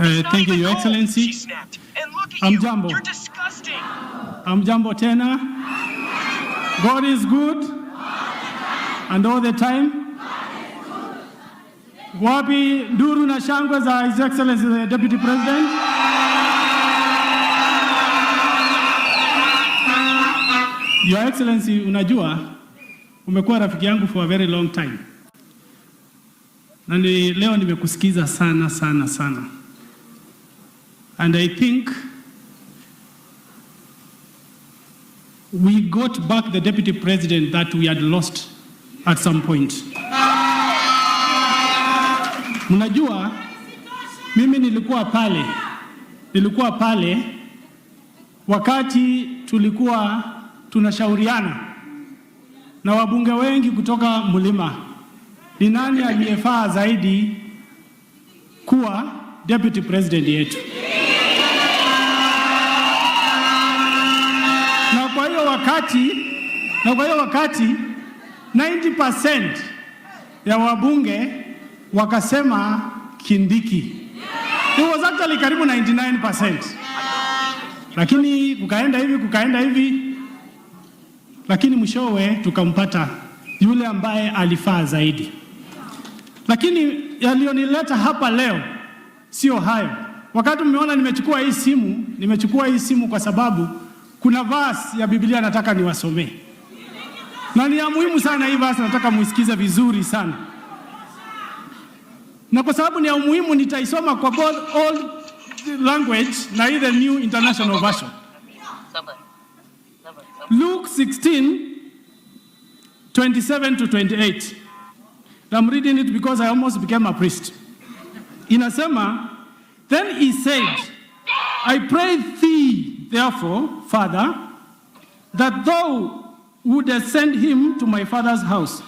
Uh, thank you, Your Excellency. I'm Jumbo. I'm Jumbo tena. God is good and all the time. Wapi nduru na shangwe za His Excellency the Deputy President. Your Excellency, unajua umekuwa rafiki yangu for a very long time. Na leo nimekusikiza sana sana sana And I think we got back the deputy president that we had lost at some point. Mnajua mimi nilikuwa pale, nilikuwa pale wakati tulikuwa tunashauriana na wabunge wengi kutoka mlima ni nani aliyefaa zaidi kuwa deputy president yetu. hiyo wakati, na kwa hiyo wakati 90% ya wabunge wakasema Kindiki. It was actually karibu 99%. Lakini kukaenda hivi kukaenda hivi, lakini mwishowe tukampata yule ambaye alifaa zaidi. Lakini yaliyonileta hapa leo sio hayo. Wakati mmeona nimechukua hii simu, nimechukua hii simu kwa sababu kuna verse ya Biblia nataka niwasomee na ni ya muhimu sana hii verse, nataka muisikize vizuri sana, na kwa sababu ni ya umuhimu nitaisoma kwa both old language na the new international version. Luke 16 27 to 28. I'm reading it because I almost became a priest. Inasema, then he said, I pray therefore, Father, that thou wouldest send him to my father's house.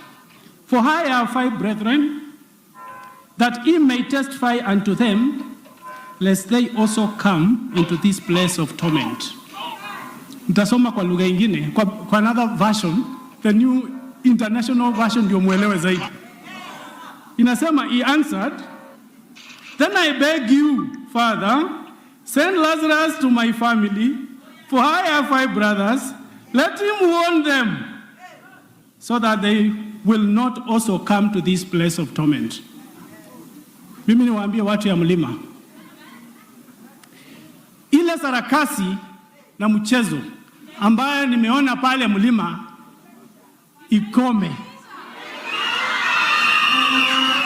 For I have five brethren, that he may testify unto them, lest they also come into this place of torment. Mtasoma kwa lugha ingine, kwa, another version, the new international version ndio mwelewe zaidi. Inasema, he answered, then I beg you, Father, Send Lazarus to my family, for I have five brothers. Let him warn them, so that they will not also come to this place of torment. Mimi niwaambie watu ya mlima, ile sarakasi na mchezo ambayo nimeona pale mlima ikome,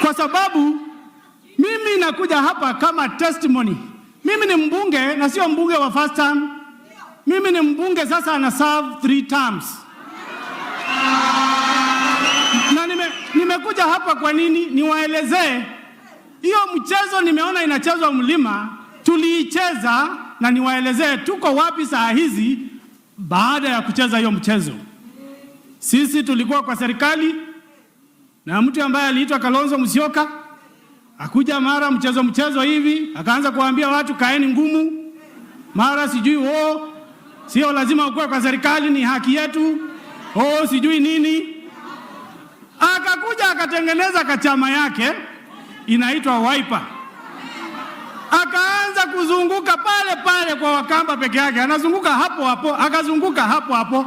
kwa sababu mimi nakuja hapa kama testimony mimi ni mbunge na sio mbunge wa first term. Mimi ni mbunge sasa ana serve three terms. Na nime, nimekuja hapa kwa nini? Niwaelezee hiyo mchezo nimeona inachezwa mlima, tuliicheza na niwaelezee tuko wapi saa hizi baada ya kucheza hiyo mchezo. Sisi tulikuwa kwa serikali na mtu ambaye aliitwa Kalonzo Musyoka Akuja mara mchezo mchezo hivi akaanza kuambia watu kaeni ngumu, mara sijui o oh, sio lazima ukue kwa serikali, ni haki yetu, oh sijui nini. Akakuja akatengeneza kachama yake inaitwa Wiper, akaanza kuzunguka pale pale kwa Wakamba peke yake, anazunguka hapo hapo, akazunguka hapo hapo,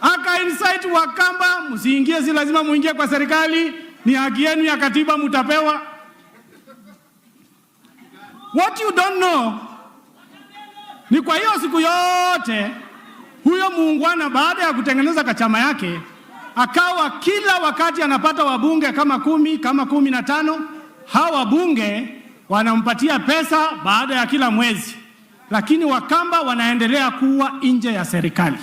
aka insight Wakamba, msiingie, si lazima muingie kwa serikali, ni haki yenu ya katiba, mutapewa What you don't know ni kwa hiyo siku yote huyo muungwana baada ya kutengeneza kachama yake akawa kila wakati anapata wabunge kama kumi kama kumi na tano. Hawa wabunge wanampatia pesa baada ya kila mwezi, lakini Wakamba wanaendelea kuwa nje ya serikali.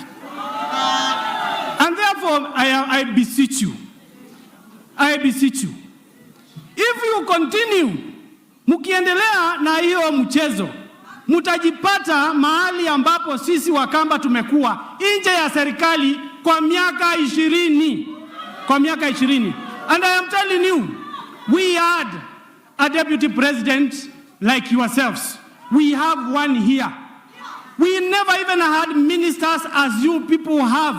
And therefore I, I beseech you, I beseech you if you continue Mkiendelea na hiyo mchezo, mtajipata mahali ambapo sisi Wakamba tumekuwa nje ya serikali kwa miaka ishirini, kwa miaka ishirini. And I am telling you, we had a deputy president like yourselves. We have one here. We never even had ministers as you people have.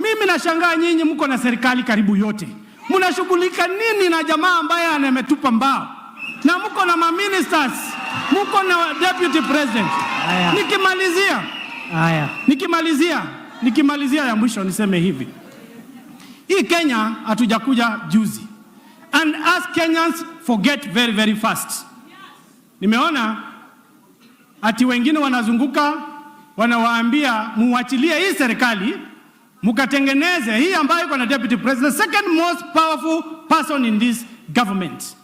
Mimi nashangaa nyinyi mko na serikali karibu yote, mnashughulika nini na jamaa ambaye ametupa mbao? na mko na maministers, mko na deputy president. Aya. Nikimalizia Aya. Nikimalizia nikimalizia ya mwisho niseme hivi, hii Kenya hatujakuja juzi, and as Kenyans forget very very fast. Nimeona ati wengine wanazunguka wanawaambia muachilie hii serikali mukatengeneze hii ambayo iko na deputy president, second most powerful person in this government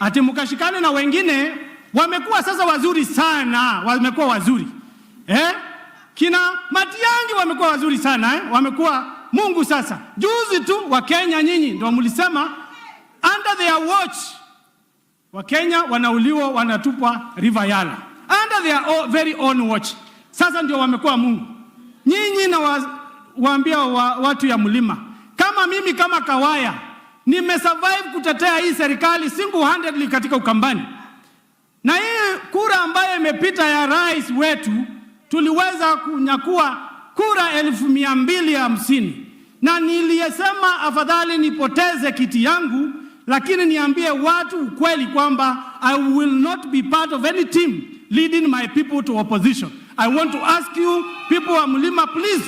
ati mkashikane na wengine wamekuwa sasa wazuri sana, wamekuwa wazuri eh? Kina Matiangi wamekuwa wazuri sana eh? Wamekuwa Mungu. Sasa juzi tu Wakenya nyinyi ndio mlisema under their watch Wakenya wanauliwa wanatupwa River Yala under their very own watch. Sasa ndio wamekuwa Mungu. Nyinyi na waambia wa, watu ya mlima kama mimi kama Kawaya nimesurvive kutetea hii serikali single handedly katika Ukambani, na hii kura ambayo imepita ya rais wetu tuliweza kunyakua kura elfu mia mbili hamsini na niliyesema afadhali nipoteze kiti yangu, lakini niambie watu ukweli kwamba I will not be part of any team leading my people to opposition. I want to ask you people wa Mlima, please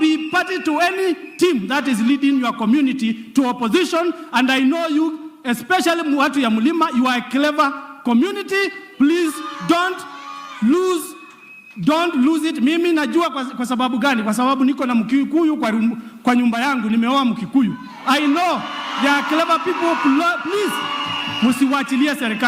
be party to any team that is leading your community to opposition. And I know you, especially watu ya Mulima, you are a clever community. Please don't lose Don't lose it. Mimi najua kwa, kwa sababu gani? Kwa sababu niko na Mkikuyu kwa, kwa nyumba yangu nimeoa Mkikuyu. I know there are clever people. Please msiwachilie serikali.